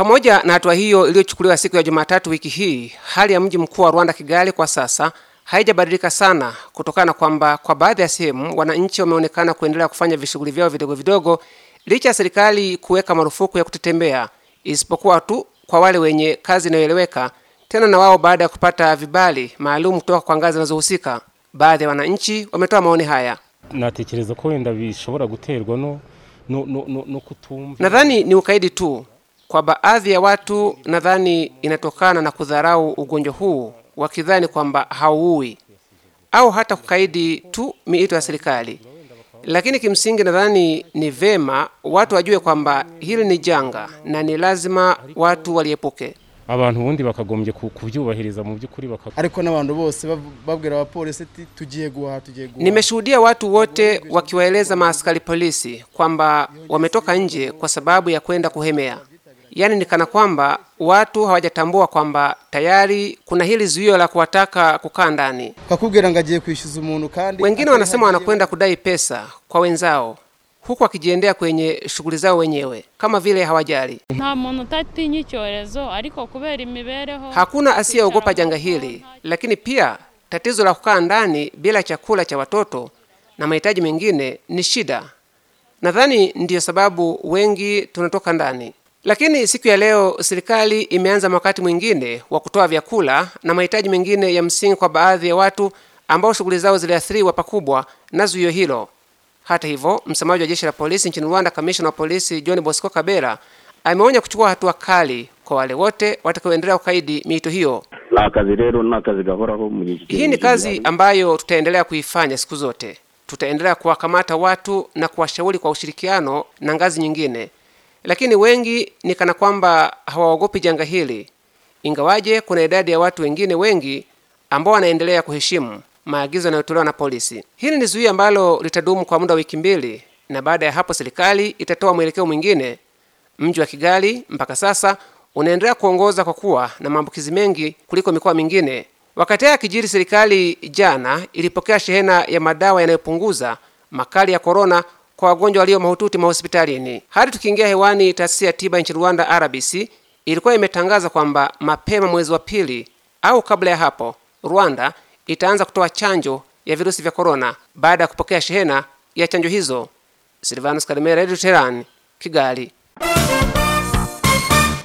Pamoja na hatua hiyo iliyochukuliwa siku ya Jumatatu wiki hii, hali ya mji mkuu wa Rwanda, Kigali, kwa sasa haijabadilika sana kutokana na kwamba kwa baadhi ya sehemu wananchi wameonekana kuendelea kufanya vishughuli vyao vidogo vidogo licha ya serikali kuweka marufuku ya kutetembea, isipokuwa tu kwa wale wenye kazi inayoeleweka, tena na wao baada ya kupata vibali maalum kutoka kwa ngazi zinazohusika. Baadhi ya wananchi wametoa maoni haya. Natekereza ko wenda bishobora guterwa no no no no kutumva. Nadhani ni ukaidi tu kwa baadhi ya watu nadhani inatokana na kudharau ugonjwa huu, wakidhani kwamba hauui au hata kukaidi tu miito ya serikali. Lakini kimsingi nadhani ni vema watu wajue kwamba hili ni janga na ni lazima watu waliepuke. abantu ubundi bakagombye kubyubahiriza mu by'ukuri ariko n'abantu bose babwira abapolisi ati tugiye guha tugiye guha. Nimeshuhudia watu wote wakiwaeleza maaskari polisi kwamba wametoka nje kwa sababu ya kwenda kuhemea yaani ni kana kwamba watu hawajatambua kwamba tayari kuna hili zuio la kuwataka kukaa ndani. Wengine wanasema wanakwenda kudai pesa kwa wenzao huku wakijiendea kwenye shughuli zao wenyewe kama vile hawajali. Hakuna asiyeogopa janga hili, lakini pia tatizo la kukaa ndani bila chakula cha watoto na mahitaji mengine ni shida. Nadhani ndiyo sababu wengi tunatoka ndani. Lakini siku ya leo serikali imeanza wakati mwingine wa kutoa vyakula na mahitaji mengine ya msingi kwa baadhi ya watu ambao shughuli zao ziliathiriwa pakubwa na zuio hilo. Hata hivyo, msemaji wa jeshi la polisi nchini Rwanda, kamishna wa polisi John Bosco Kabera ameonya kuchukua hatua kali kwa wale wote watakaoendelea kukaidi miito hiyo. Hii ni kazi ambayo tutaendelea kuifanya siku zote. Tutaendelea kuwakamata watu na kuwashauri kwa ushirikiano na ngazi nyingine lakini wengi ni kana kwamba hawaogopi janga hili, ingawaje kuna idadi ya watu wengine wengi ambao wanaendelea kuheshimu maagizo yanayotolewa na polisi. Hili ni zuia ambalo litadumu kwa muda wa wiki mbili, na baada ya hapo serikali itatoa mwelekeo mwingine. Mji wa Kigali mpaka sasa unaendelea kuongoza kwa kuwa na maambukizi mengi kuliko mikoa mingine. Wakati haya kijiri, serikali jana ilipokea shehena ya madawa yanayopunguza makali ya korona kwa wagonjwa walio mahututi mahospitalini. Hadi tukiingia hewani, taasisi ya tiba nchini Rwanda RBC ilikuwa imetangaza kwamba mapema mwezi wa pili au kabla ya hapo Rwanda itaanza kutoa chanjo ya virusi vya korona baada ya kupokea shehena ya chanjo hizo. Silvanus Karimera, Teherani, Kigali.